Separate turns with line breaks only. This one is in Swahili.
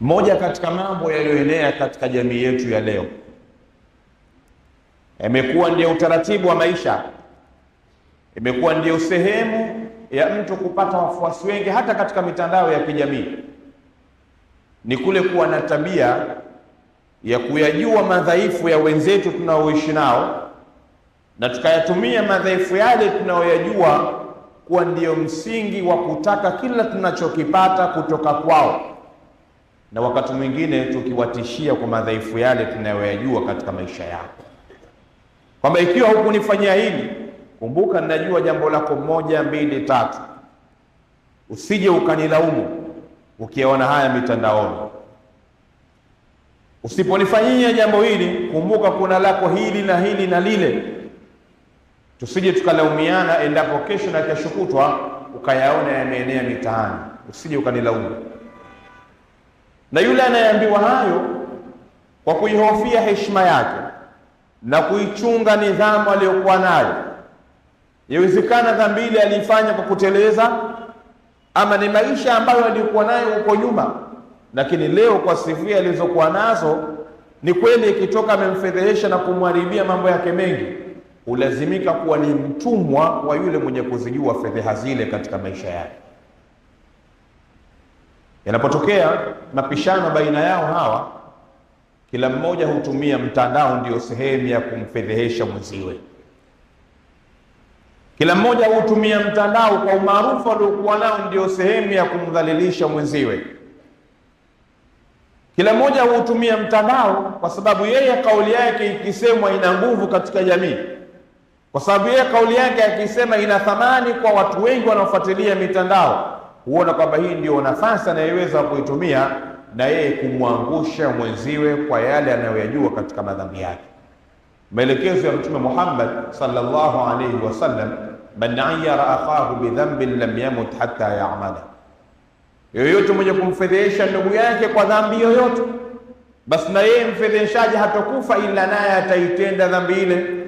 Moja katika mambo yaliyoenea katika jamii yetu ya leo imekuwa ndiyo utaratibu wa maisha, imekuwa ndiyo sehemu ya mtu kupata wafuasi wengi hata katika mitandao ya kijamii, ni kule kuwa na tabia ya kuyajua madhaifu ya wenzetu tunaoishi nao na tukayatumia madhaifu yale tunayoyajua kuwa ndiyo msingi wa kutaka kila tunachokipata kutoka kwao na wakati mwingine tukiwatishia kwa madhaifu yale tunayoyajua katika maisha yako, kwamba ikiwa hukunifanyia hili, kumbuka ninajua jambo lako moja, mbili, tatu. Usije ukanilaumu ukiyaona haya mitandaoni. Usiponifanyia jambo hili, kumbuka kuna lako hili na hili na lile. Tusije tukalaumiana endapo kesho na kesho kutwa ukayaona yameenea mitaani. Usije ukanilaumu na yule anayeambiwa hayo kwa kuihofia heshima yake na kuichunga nidhamu aliyokuwa nayo, yawezekana dhambi ile aliifanya kwa kuteleza, ama ni maisha ambayo aliyokuwa nayo huko nyuma, lakini leo kwa sifia alizokuwa nazo, ni kweli ikitoka amemfedhehesha na kumharibia mambo yake mengi, hulazimika kuwa ni mtumwa wa yule mwenye kuzijua fedheha zile katika maisha yake. Yanapotokea mapishano baina yao hawa, kila mmoja hutumia mtandao ndio sehemu ya kumfedhehesha mwenziwe. Kila mmoja hutumia mtandao kwa umaarufu aliokuwa nao ndio sehemu ya kumdhalilisha mwenziwe. Kila mmoja hutumia mtandao kwa sababu yeye kauli yake ikisemwa ina nguvu katika jamii, kwa sababu yeye kauli yake akisema ina thamani kwa watu wengi wanaofuatilia mitandao huona kwamba hii ndio nafasi anayeweza kuitumia na yeye kumwangusha mwenziwe kwa yale anayoyajua katika madhambi yake. Maelekezo ya Mtume Muhammad sallallahu alayhi wasallam, man ayara akhahu bidhambin lam yamut hatta yamala, yoyote mwenye kumfedhehesha ndugu yake kwa dhambi yoyote, basi na yeye mfedheheshaji hatokufa ila naye ataitenda dhambi ile